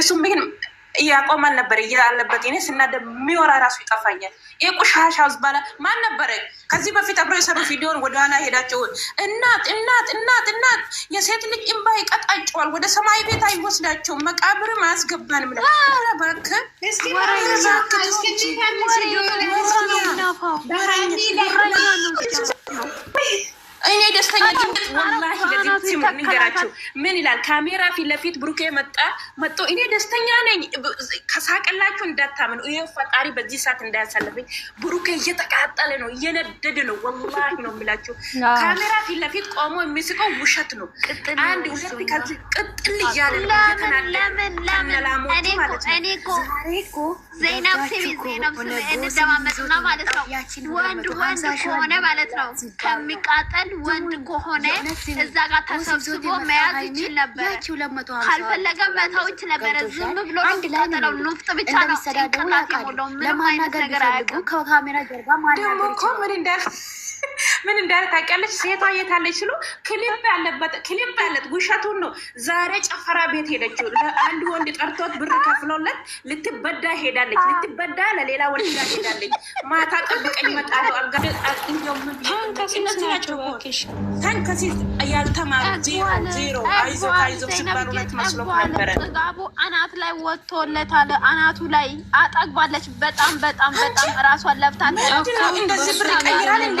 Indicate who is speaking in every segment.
Speaker 1: እሱም ግን እያቆማል አልነበረ እያለበት እኔ ስናደ የሚወራ ራሱ ይጠፋኛል። ይሄ ቁሻሻ ዝባላ ማን ነበረ? ከዚህ በፊት አብረው የሰሩ ቪዲዮን ወደኋላ ሄዳቸው እናት እናት እናት እናት የሴት ልጅ እምባ ይቀጣቸዋል፣ ወደ ሰማይ ቤት አይወስዳቸው፣ መቃብርም አያስገባንም ብለ እኔ ደስተኛ ወላሂ ለዚህ ንገራቸው ምን ይላል ካሜራ ፊት ለፊት ብሩኬ መጣ መጦ እኔ ደስተኛ ነኝ። ከሳቀላችሁ እንዳታምን ይ ፈጣሪ በዚህ ሰዓት እንዳያሳለፈኝ። ብሩኬ እየተቃጠለ ነው፣ እየነደድ ነው። ወላሂ ነው የሚላቸው ካሜራ ፊት ለፊት ቆሞ የሚስቀው ውሸት ነው። አንድ ውሸት ከዚህ ቅጥል እያለ ነው። እየተናለ ከነላሞቱ ማለት ነው ዛሬ እኮ ዘይናብ ስሚ፣ ዘይናብ ስሚ። እንደማመጡና ማለት ነው። ወንድ ወንድ ከሆነ ማለት ነው ከሚቃጠል ወንድ ከሆነ እዛ ጋር ተሰብስቦ መያዝ ይችል ነበር። ካልፈለገ መተው ይችል ነበር። ዝም ብሎ ነው ኑፍጥ ብቻ ነው ጭንቅላት የሞላው ምንም አይነት ነገር አያውቅም። ካሜራ ጀርባ ማለት ነው። ምን እንዳለ ታውቂያለሽ? ሴቷ የታለች ስሉ ክሊፕ ያለበት ክሊፕ ያለት ውሸቱን ነው። ዛሬ ጨፈራ ቤት ሄደችው። ለአንድ ወንድ ጠርቶት ብር ከፍሎለት ልትበዳ ሄዳለች። ልትበዳ ለሌላ ወንድ ጋር ሄዳለች። ማታ ጠብቀኝ መጣሉ አልጋእነዚህ ናቸው። ያልተማሩ ዜሮ አይዞ አይዞ ሲባሉ ነት መስሎ ነበረ። ጥጋቡ አናት ላይ ወጥቶለታል። አናቱ ላይ አጠግባለች። በጣም በጣም በጣም ራሷን ለብታ እንደዚህ ብር ቀይራል እንደ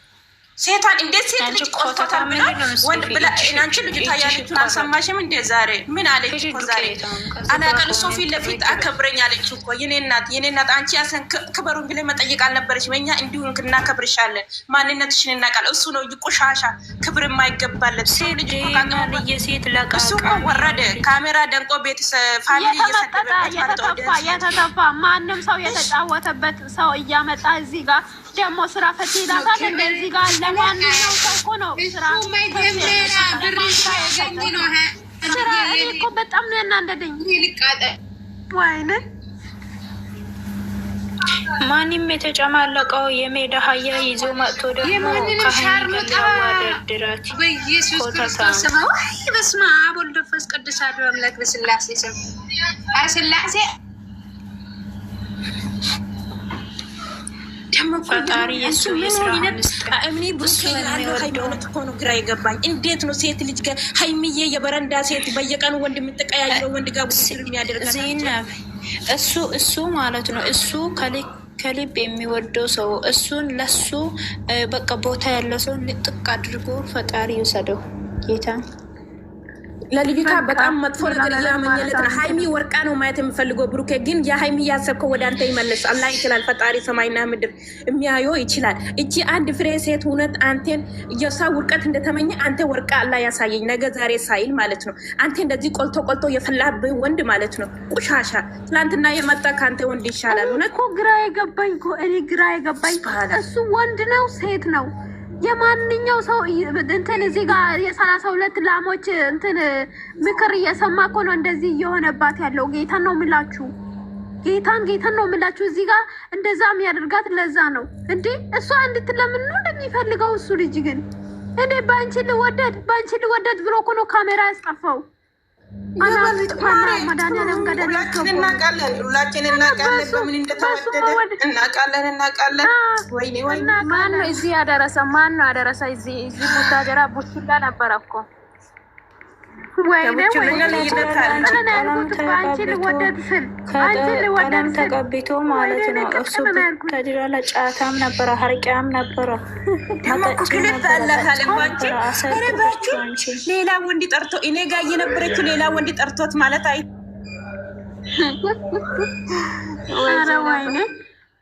Speaker 1: ሴቷን እንዴት ሴት ልጅ ቆርቷታል ብላ ወንድ ብላ ናንቺ ልጅቷ ያለችውን አልሰማሽም እንዴ? ዛሬ ምን አለች እኮ ዛሬ አናቀል እሱ ፊት ለፊት አከብረኝ አለች እኮ የኔ እናት፣ የኔ እናት አንቺ ያሰን ክበሩን ብለ መጠየቅ አልነበረች። በእኛ እንዲሁ እናከብርሻለን፣ ማንነትሽን እናቃል። እሱ ነው ቆሻሻ፣ ክብር የማይገባለት ሰው ልጅ እሱ ወረደ ካሜራ ደንቆ ቤት ፋሚሊ እየሰደበበት የተተፋ ማንም ሰው የተጫወተበት ሰው እያመጣ እዚህ ጋር ደግሞ ስራ ፈት ሄዳታል። እንደዚህ ጋር ለማንኛው ሰው እኮ ነው ስራ ስራ እኮ በጣም ነው ያናደደኝ። ወይኔ ማንም የተጨማለቀው የሜዳ አህያ ይዞ መጥቶ ደግሞ ካህንቀዋደድራት በስመ አብ ወወልድ ወመንፈስ ቅዱስ አሐዱ አምላክ በስላሴ ስም ስላሴ ፈጣሪ የሱ ግራ የገባኝ። እንዴት ነው ሴት ልጅ ጋር ሀይሚዬ፣ የበረንዳ ሴት በየቀኑ ወንድ የምትቀያየው ወንድ ጋር እሱ እሱ ማለት ነው እሱ ከልብ የሚወደው ሰው እሱን ለሱ በቃ ቦታ ያለው ሰው ንጥቅ አድርጎ ፈጣሪ ይውሰደው ጌታ ለልጅቷ በጣም መጥፎ ነገር እያመኘለት ነው። ሀይሚ ወርቃ ነው ማየት የምፈልገው። ብሩኬ ግን የሀይሚ እያሰብከው ወደ አንተ ይመለስ። አላህ ይችላል። ፈጣሪ ሰማይና ምድር የሚያየው ይችላል። እቺ አንድ ፍሬ ሴት እውነት አንቴን የሰው ውርቀት እንደተመኘ አንተ ወርቃ አላህ ያሳየኝ ነገ ዛሬ ሳይል ማለት ነው። አንቴ እንደዚህ ቆልቶ ቆልቶ የፈላብህ ወንድ ማለት ነው። ቁሻሻ ትላንትና የመጣ ከአንተ ወንድ ይሻላል። እኮ ግራ የገባኝ እኔ ግራ የገባኝ እሱ ወንድ ነው ሴት ነው የማንኛው ሰው እንትን እዚህ ጋር የሰላሳ ሁለት ላሞች እንትን ምክር እየሰማ እኮ ነው እንደዚህ እየሆነባት ያለው። ጌታን ነው ምላችሁ፣ ጌታን ጌታን ነው ምላችሁ። እዚህ ጋር እንደዛ የሚያደርጋት ለዛ ነው እንዴ እሷ እንድትለምን ነው እንደሚፈልገው እሱ ልጅ ግን እኔ በአንቺ ልወደድ በአንቺ ልወደድ ብሎ እኮ ነው ካሜራ ያስጠፋው። ማን ነው እዚህ ያደረሰ? ማን ነው ያደረሰ? እዚህ ቡታጀራ ቡችላ ነበር እኮ ተቀብቶ ማለት ነው። እሱ ተድራላ ጫታም ነበረ፣ ሀርቂያም ነበረ። ሌላ ወንድ ጠርቶ እኔ ጋር እየነበረችው ሌላ ወንድ ጠርቶት ማለት አይ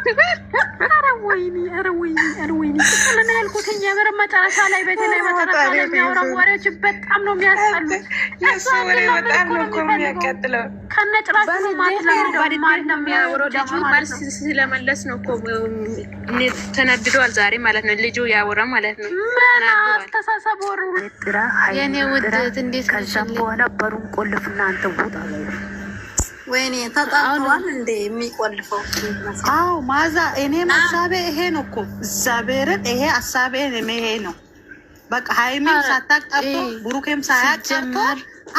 Speaker 1: ኧረ ወይኔ ኧረ ወይኔ ኧረ ወይኔ ቅድም ነው ያልኩት። እኛ በር መጨረሻ ላይ በተለይ መጨረሻ ላይ የሚያወራው ወሬዎች በጣም ነው የሚያስጠሉት። እሱ ወሬ በጣም ነው እኮ የሚያቀጥለው። ከነጭራሹ መልስ ስለመለስ ነው እኮ ተናድደዋል ዛሬ ማለት ነው። ልጁ ያወራ ማለት ነው። ምን አስተሳሰብ ወሩ የኔ ውድት እንዴት ከዛም በኋላ በሩን ቆልፍና አንተ ቦታ ላይ ወይኔ ተጣጥቷል እንዴ የሚቆልፈው? አዎ ማዛ እኔም ሀሳቤ ይሄ ነው እኮ እግዚአብሔርን፣ ይሄ ሀሳቤ ይሄ ነው በቃ። ሀይሜም ሳታቀርቶ ብሩኬም ሳያቀርቶ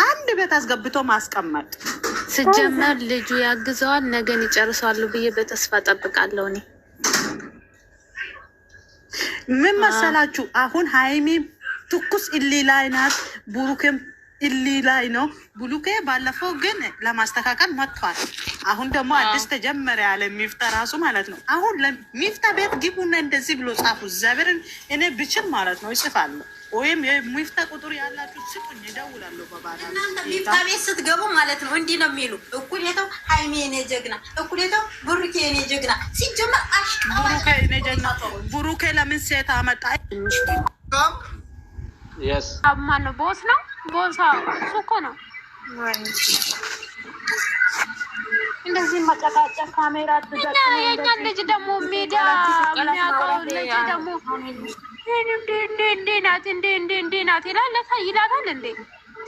Speaker 1: አንድ ቤት አስገብቶ ማስቀመጥ ስጀመር ልጁ ያግዘዋል። ነገን ይጨርሰዋሉ ብዬ በተስፋ ጠብቃለሁ። እኔ ምን መሰላችሁ አሁን ሀይሜም ትኩስ እሊ ላይ ናት፣ ብሩኬም እሊ ላይ ነው ብሉኬ። ባለፈው ግን ለማስተካከል መጥቷል። አሁን ደግሞ አዲስ ተጀመረ ያለ ሚፍታ ራሱ ማለት ነው። አሁን ሚፍታ ቤት ግቡና እንደዚህ ብሎ ጻፉ። ዘብርን እኔ ብችል ማለት ነው ይጽፋሉ። ወይም የሚፍታ ቁጥር ያላችሁ ስጡኝ፣ እደውላለሁ። በባዳ ሚፍታ ቤት ስትገቡ ማለት ነው እንዲህ ነው የሚሉ እኩሌታው ሀይሜ የኔ ጀግና፣ እኩሌታው ብሩኬ የኔ ጀግና። ሲጀመር ብሩኬ ብሩኬ ለምን ሴት አመጣ? ማን ነው ቦስ ነው ቦሳ እሱ እኮ ነው እንደዚህ መጨቃጨቅ ካሜራ የእኛን ልጅ ደግሞ ሜዲያ የሚያውቀው ልጅ ደግሞ እንዴ ናት እንዴ እንዴ እንዴ ናት ይላል ይላታል። እንዴ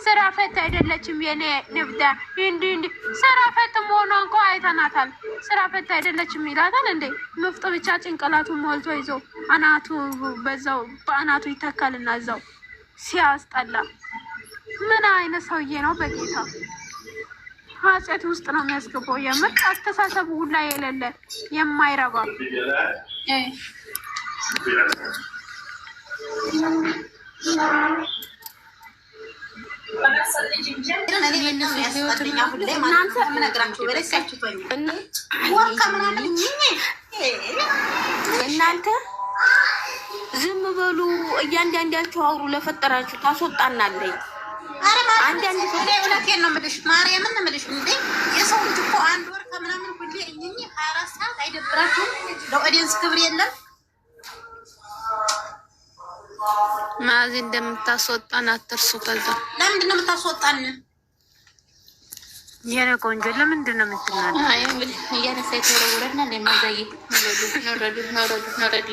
Speaker 1: ስራ ፈት አይደለችም የኔ ንብዳ እንዲ እንዲ ስራ ፈት መሆኗ እንኳ አይተናታል። ስራ ፈት አይደለችም ይላታል። እንዴ ምፍጥ ብቻ ጭንቅላቱን ሞልቶ ይዞ አናቱ በዛው በአናቱ ይተካልና እዛው ሲያስጠላ ምን አይነት ሰውዬ ነው? በጌታ ኃጢአት ውስጥ ነው የሚያስገባው። የምር አስተሳሰቡ ሁላ የሌለ የማይረባ እናንተ ዝም በሉ፣ እያንዳንዳችሁ አውሩ። ለፈጠራችሁ ታስወጣናለኝ እውነቴን ነው የምልሽ፣ ማርያምን ነው የምልሽ። እንደ የሰው ልጅ እኮ አንድ ወር ከምናምን ሁሌ እኝኝ ሀያ አራት ሰዓት አይደብራችሁም? ለኦዲየንስ ክብር የለም። ማዚ እንደምታስወጣን አትርሱ። ከዛ ለምንድን ነው የምታስወጣን? የኔ ቆንጆ ለምንድን ነው የምትናለ? እያነሳ የተወረወረና ማዛየ ነረዱ ነረዱ ነረዱ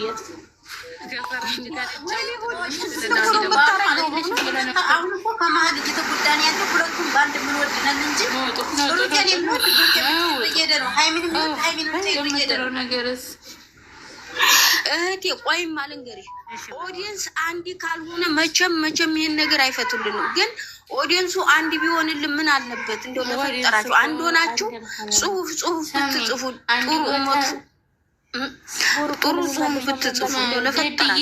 Speaker 1: አሁን እኮ ከመሀል እህቴ ቆይም አልንገሬ ኦዲየንስ አንድ ካልሆነ መቼም መቼም ይሄን ነገር አይፈቱልንም። ግን ኦዲየንሱ አንድ ቢሆንልን ምን አለበት? እንደው ለፈጠራችሁ አንድ ሆናችሁ ጽሁፍ ጽሁፍ ብትጽፉ ጥሩ ሞት ጥሩ ዞኑ ብትጽፉ ለፈጣዬ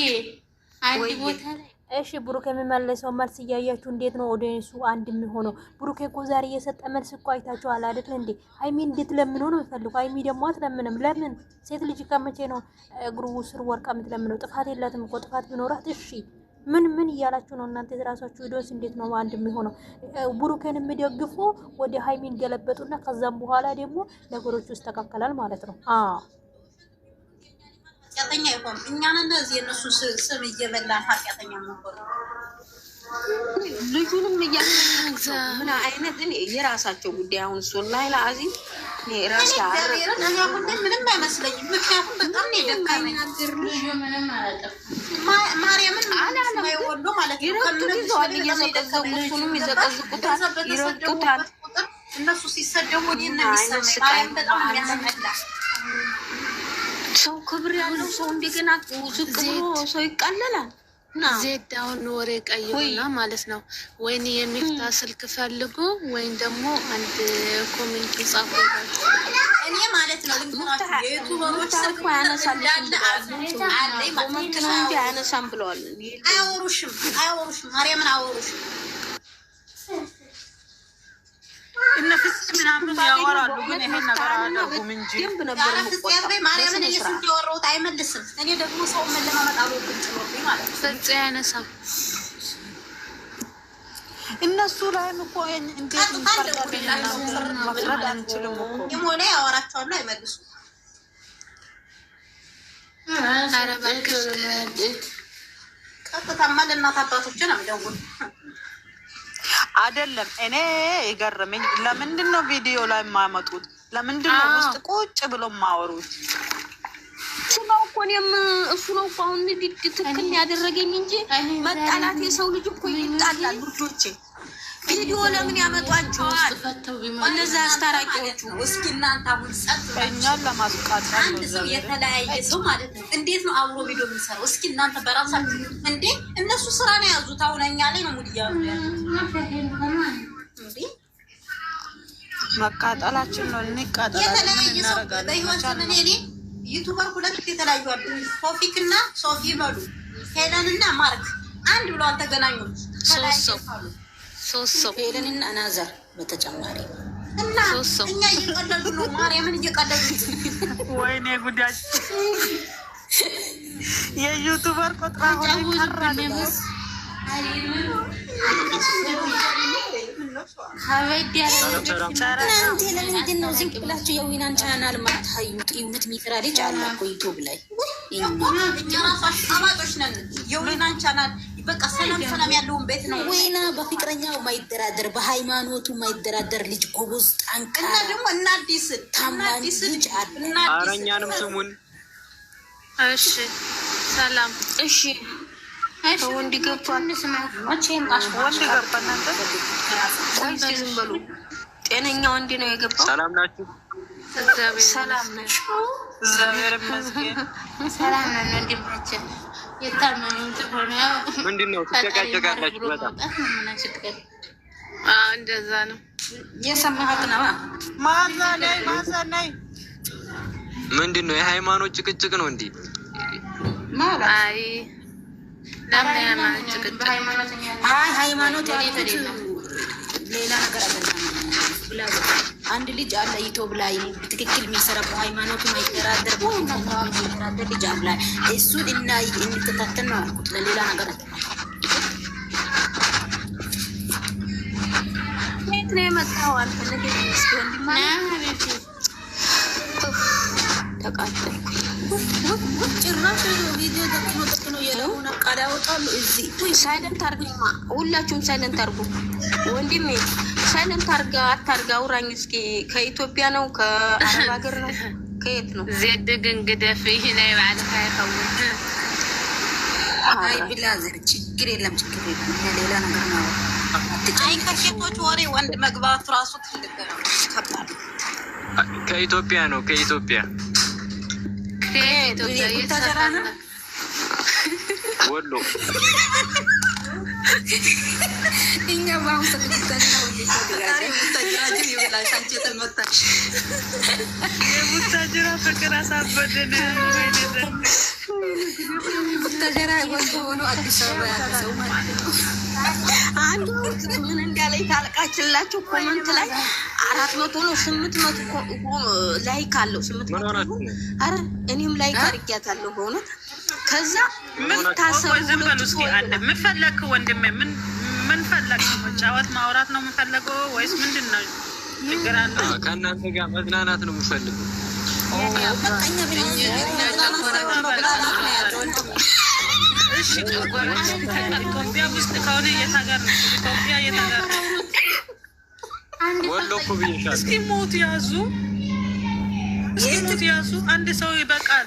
Speaker 1: አንድ እሺ ብሩክ የሚመለሰው መልስ እያያችሁ እንዴት ነው ወደ አንድ የሚሆነው? ብሩክ እኮ ዛሬ እየሰጠ መልስ እኮ አይታችሁ አላደለ እንዴ? ሀይሚ እንዴት ለምን ሆኖ የሚፈልጉ ሀይሚ ደግሞ አትለምንም። ለምን ሴት ልጅ ከመቼ ነው እግሩ ስር ወርቃ የምትለምነው? ጥፋት የላትም እኮ ጥፋት ቢኖራት እሺ ምን ምን እያላችሁ ነው እናንተ የራሳችሁ ቪዲዮስ እንዴት ነው አንድ የሚሆነው? ብሩክን የሚደግፉ ወደ ሀይሚን ገለበጡና ከዛም በኋላ ደግሞ ነገሮች ይስተካከላል ማለት ነው። አዎ ኃጢአተኛ አይሆንም። እኛን እንደዚህ የእነሱ ስም እየበላን ኃጢአተኛ መሆን ልጁንም እያምን አይነት የራሳቸው ጉዳይ። አሁን እሱ ላይ ለአዚ ምንም አይመስለኝም። ምክንያቱም በጣም ማርያምን እነሱ ሲሰደቡ በጣም ሰው ክብር ያለው ሰው እንደገና ዝቅ ብሎ ሰው ይቃለላል። ዜድ አሁን ወሬ ቀይሩና ማለት ነው። ወይን የሚፍታ ስልክ ፈልጉ ወይም ደግሞ አንድ ኮሚኒቲ ጻፉ። እኔ ማለት ነው ያነሳም ብለዋል። አያወሩሽም፣ አያወሩሽም፣ ማርያምን አያወሩሽም እነ ምናምን ያወራሉ፣ ግን ይሄን ነገር አያደርጉም እንጂ ማርያምን እንዲወረውት አይመልስም። እኔ ደግሞ ሰው መለማመጥ ጭኖብኝ ማለት ፍጽ እነሱ ላይም እኮ እንዴት መፍረድ አንችልም እኮ ቀጥታማ አባቶችን አይደለም። እኔ የገረመኝ ለምንድን ነው ቪዲዮ ላይ የማያመጡት? ለምንድን ነው ውስጥ ቁጭ ብሎ የማወሩት? እኔም እሱ ነው እኮ አሁን ትክክል ያደረገኝ እንጂ መጣላት የሰው ልጅ እኮ ይጣላል። ቪዲዮ ለምን ያመጧቸዋል? እነዚ አስታራቂዎቹ እስኪ እናንተ አሁን ጸጥኛን ለማጥቃት አንድ ሰው የተለያየ ሰው ማለት ነው። እንዴት ነው አብሮ ቪዲዮ የሚሰራው? እስኪ እናንተ በራሳችሁ እንዴ! እነሱ ስራ ነው ያዙት። አሁን እኛ ላይ ነው ሙድ እያሉ መቃጠላችን ነው ልንቃጠላችን እናረጋለን። እኔ ዩቱበር ሁለት የተለያዩ አሉ። ቶፊክ እና ሶፊ በሉ ሄለን እና ማርክ አንድ ብሎ አልተገናኙም። ሶስት ሰው ሄለንና ናዘር በተጨማሪ ሶስት እኛ እየቀለዱ ነው። ማርያምን እየቀለዱ ወይኔ ጉዳች የዩቱበር ቆጥራ ከበድ ያለምንድነው? ዝንቅ ብላችሁ የዊናን ቻናል ማታዩት? እውነት ሚጥራልጅ አለ እኮ ዩቱብ ላይ እኛ ራሷ አባጦች ነን የዊናን ቻናል በቃ ሰላም ሰላም ያለውን ቤት ነው ወይና በፍቅረኛው ማይደራደር በሃይማኖቱ ማይደራደር ልጅ ጎበዝ ጠንካራ እና ደግሞ እናዲስ ታማኝ ልጅ አለ። ኧረ እኛንም ስሙን። እሺ ሰላም። እሺ ወንድ ገባ። ዝም በሉ። ጤነኛ ወንድ ነው የገባው። ሰላም ናችሁ? ሰላም ናችሁ? እግዚአብሔር ይመስገን። ሰላም ነን ወንድማችን ምንድን ነው ትጨቃጨቃላችሁ? በጣም እንደዛ ነው የሰማሁት ነው። ምንድን ነው የሃይማኖት ጭቅጭቅ ነው እንዲህ ሃይማኖት አንድ ልጅ አለ ዩቱብ ላይ ትክክል የሚሰራ በሃይማኖቱ ማይደራደር ማይደራደር ልጅ አለ። እሱ እና እንተታተን ነው አልኩት። ለሌላ ነገር ሁላችሁም ሳይለንት አርጉ ወንድሜ ሳይለንት አርጋ አታርጋ አውራኝ እስኪ። ከኢትዮጵያ ነው ከአረብ ሀገር ነው ከየት ነው? ዜድ ግን ግደፍ ይህ ላይ በዓል ካይከውን አይ ብላ ችግር የለም ችግር የለም ሌላ ነገር ነው። አይ ከሴቶች ወሬ ወንድ መግባቱ ራሱ ትልቅ ነው። ከኢትዮጵያ ነው ከኢትዮጵያ ወሎ እኛ በአሁኑ ነው። የቡታጅራ ፍቅር አሳበደን። ቡታጅራ ወንድ ሆኖ አዲስ አበባ ያለ ሰው ማለት ነው። አንዱ ምን እንዳለኝ ታልቃችላችሁ ኮመንት ላይ አራት መቶ ነው ስምንት መቶ ላይክ አለው ስምንት መቶ አረ እኔም ላይክ አድርጊያታለሁ በእውነት ከዛ ምን ታሰብ ምን ፈለክ ወንድሜ ምን ፈለግሽ? መጫወት ማውራት ነው የምፈልገው ወይስ ምንድን ነው? ችግር አለው? ከእናንተ ጋር መዝናናት ነው የምፈልገው። እሺ እስኪ ሞት ያዙ፣ እስኪ ሞት ያዙ። አንድ ሰው ይበቃል።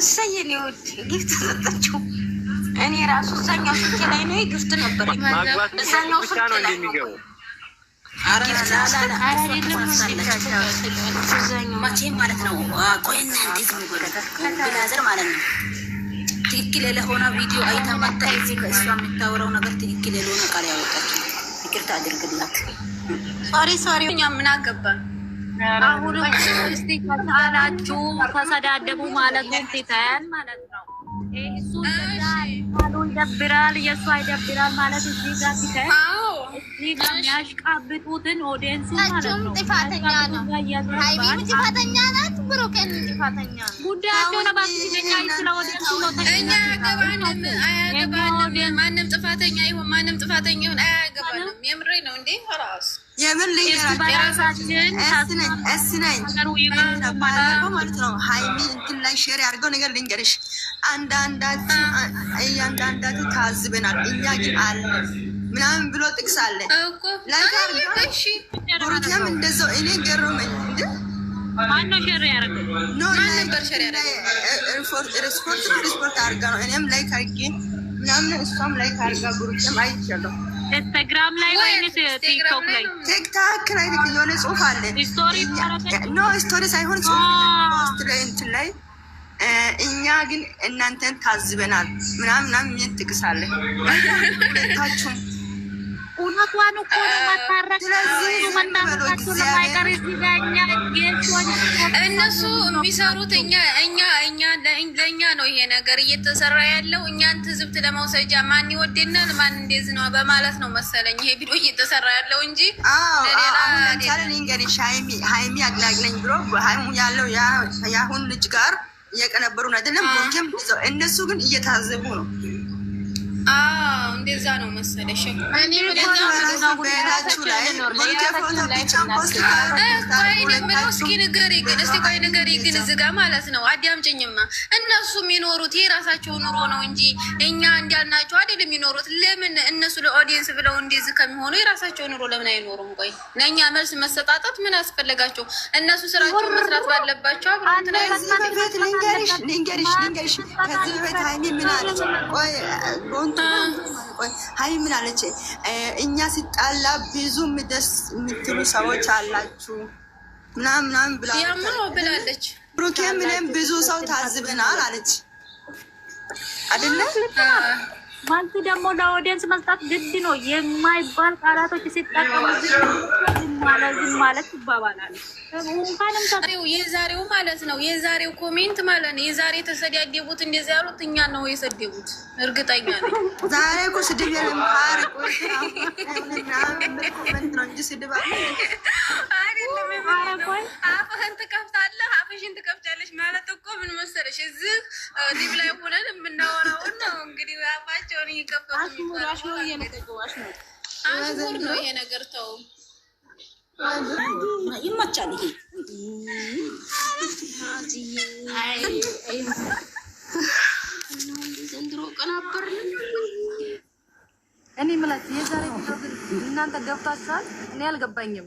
Speaker 1: እሰይ እኔ ወድ ጊፍት ሰጠችው። እኔ ራሱ እዛኛው ስልኬ ላይ ነው ጊፍት ነበር። እዛኛው ስልኬ ላይ ነው መቼም ማለት ነው። ቆይ እናንተ ዝም በሉ ብላዘር ማለት ነው። ትክክል ለሆነ ቪዲዮ አይታ መጣ። እዚህ ከእሷ የምታወራው ነገር ትክክል ለሆነ ቃል ያወጣችው ይቅርታ አድርግላት። ሶሪ ሶሪ፣ እኛ ምን አገባን? አሁንም እስቲ ከተላችሁ ተሰዳደቡ ማለት ነው። ትተን ማለት ነው። እሱ ቃሉ ይደብራል፣ የእሱ አይደብራል ማለት እዚህ ጋር ትተን እዚህ ጋር የሚያሽቃብጡትን ኦዲየንሱ ማለት ነው። ጥፋተኛ ነው፣ ናት፣ ብሩኬን ጥፋተኛ ነው። ጉዳያቸውን ባትለኛ ስለ ኦዲየንሱ ነው። እኛ አያገባንም፣ አያገባንም። ማንም ጥፋተኛ ይሁን ማንም ጥፋተኛ ይሁን አያገባንም። የምሬ ነው እንዴ ራሱ የምን ልራሳችን እስነኝ ባለፈው ማለት ነው። ሀይሚ እንትን ላይ ሼር ያድርገው ነገር ልንገርሽ፣ እያንዳንዳችሁ ታዝበናል። እኛ ግን አለ ምናምን ብሎ ጥቅስ አለ ሩትም እንደዛው እኔ ገረመኝ። ማነው ሼር ያደረገው? ነው እኔም ላይ ካርጌ ምናምን እሷም ላይ ካርጋ ጉሩትም አይቻለሁ ኢንስታግራም ላይ ወይስ ቲክቶክ ላይ? ቲክቶክ ላይ የሆነ ጽሁፍ አለ። ስቶሪ ኖ ስቶሪ ሳይሆን ጽሁፍ እንትን ላይ እኛ ግን እናንተን ታዝበናል ምናምን ምናምን ጥቅስ አለ ሁለታችሁም እውነቷን እኮ ነው ስለዚህ መናፍቃችሁ ለማይቀር እዚህ እነሱ የሚሰሩት እኛ እኛ እኛ ለእኛ ነው ይሄ ነገር እየተሰራ ያለው እኛን ትዝብት ለመውሰጃ ማን ይወደናል ማን እንደዚህ ነው በማለት ነው መሰለኝ ይሄ ቪዲዮ እየተሰራ ያለው እንጂ ለሌላቻለንንገሪሽ ሀይሚ አግላግለኝ ብሎ ሀይሙ ያለው የአሁን ልጅ ጋር እየቀነበሩ አይደለም። ቦኬም እነሱ ግን እየታዘቡ ነው እንደዛ ነው መሰለሽ። እስኪ ንገሪኝ ግን እስኪ ቆይ ንገሪኝ ግን እዚህ ጋ ማለት ነው አዳምጪኝማ። እነሱ የሚኖሩት የራሳቸው ኑሮ ነው እንጂ እኛ እንዳልናቸው አይደል የሚኖሩት። ለምን እነሱ ለኦዲየንስ ብለው እንደዚህ ከሚሆኑ የራሳቸው ኑሮ ለምን አይኖሩም? ቆይ ለእኛ መልስ መሰጣጣት ምን አስፈለጋቸው? እነሱ ስራቸው መስራት ባለባቸው አብረን ሀይ ምን አለች? እኛ ሲጣላ ብዙ ደስ የምትሉ ሰዎች አላችሁ ምናምን ምናምን ብላለች። ብሩኬ ምንም ብዙ ሰው ታዝበናል አለች አይደለ? ማንቱ ደግሞ ለኦዲየንስ መስጣት ግድ ነው። የማይባል ቃላቶች ሲጠቀሙ ማለት ማለት ይባባላል። የዛሬው ማለት ነው የዛሬው ኮሜንት ማለት ነው የዛሬ የተሰዳደቡት እንደዚህ ያሉት እኛ ነው የሰደቡት። እርግጠኛ ነኝ ዛሬ እኮ ስድብ የለም አፍህን ትከፍታለህ አፍሽን ትከፍታለሽ ማለት እኮ ምን መሰለሽ እዚህ ሊብ ላይ ሆነን የምናወራውን ነው እንግዲህ አፋቸው አሽሙር ነው ይሄ ነገር። ተው ይመቻል። ዘንድሮ ቀን እኔ የምላት የዛሬ እናንተ ገብታችኋል። እኔ አልገባኝም።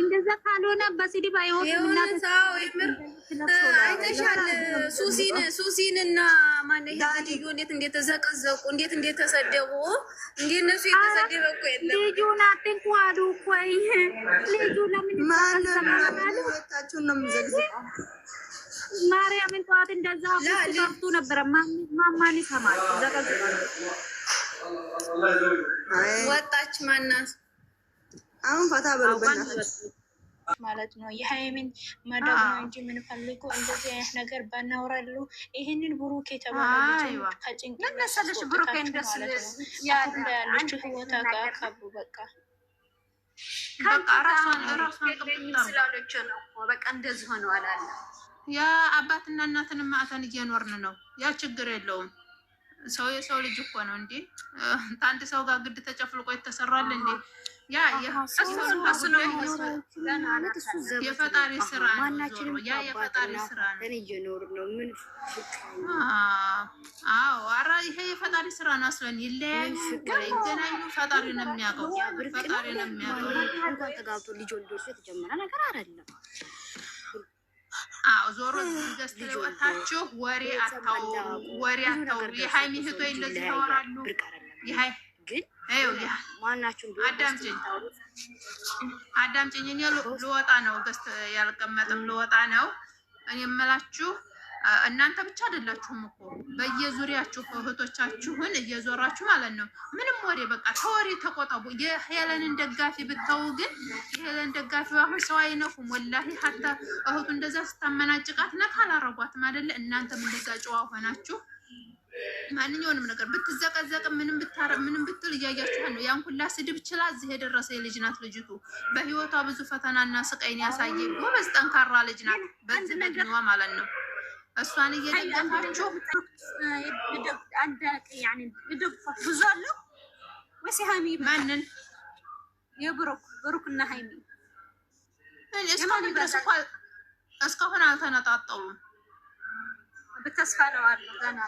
Speaker 1: እንደዛ ካልሆነ በስድብ አይተሻል። ሱሲን ሱሲን እና ማነው ልዩ እንዴት እንደተዘቀዘቁ እንዴት እንደተሰደቡ እንደ እነሱ የተሰደበ እኮ የለም። ልጁን አትንኩ አሉ ልጁ ለምን ማርያምን ጠዋት እንደዛ ሰርቱ ነበረ። ማማን ይሰማል? ዘቀዘቁ ወጣች ማናት አሁን ፈታ በሉበት ማለት ነው። የሀይሚን መደብ ነው እንጂ የምንፈልጉ እንደዚህ አይነት ነገር ባናውራሉ። ይህንን ብሩክ የተባለ ያ አባትና እናትን ማዕተን እየኖርን ነው። ያ ችግር የለውም። ሰው የሰው ልጅ እኮ ነው እንዴ። ከአንድ ሰው ጋር ግድ ተጨፍልቆ የተሰራል እንዴ? ያ የፈጣሪ ስራ ነው። እየኖርን ይለያዩ ይገናኙ፣ ፈጣሪ ነው የሚያውቀው። ፈጣሪ ነው የሚያውቀው። ተጋብቶ ልጅ ወልዶ የተጀመረ ነገር አይደለም። አዎ ዞሮ ገስት ላይ ወታችሁ ወሬ አታውሩ፣ ወሬ አታውሩ። የሀይሚ እህቶች እንደዚህ ታወራሉ። ማናችሁ አዳምጪኝ። እኔ ልወጣ ነው፣ ገስት ያልቀመጥም ልወጣ ነው። እኔ የምላችሁ እናንተ ብቻ አይደላችሁም እኮ በየዙሪያችሁ እህቶቻችሁን እየዞራችሁ ማለት ነው። ምንም ወሬ በቃ ከወሬ ተቆጠቡ። የሄለንን ደጋፊ ብታው ግን የሄለን ደጋፊ አሁን ሰው አይነፉም ወላሂ። ሀታ እህቱ እንደዛ ስታመናጭቃት ነካ አላረጓትም አይደለ? እናንተም እንደዛ ጨዋ ሆናችሁ ማንኛውንም ነገር ብትዘቀዘቅ ምንም ብታረ ምንም ብትል እያያችኋል ነው። ያን ሁላ ስድብ ችላ እዚህ የደረሰ የልጅ ናት። ልጅቱ በህይወቷ ብዙ ፈተናና ስቃይን ያሳየ ጎበዝ ጠንካራ ልጅ ናት። በዚህ መድንዋ ማለት ነው። እሷን እየደገፋችሁ ብዙ አለው ወሲ ሀሚ ማንን የብሩክ ብሩክና ሀይሚ እስካሁን አልተነጣጠሉም። በተስፋ ነው አሉ ገና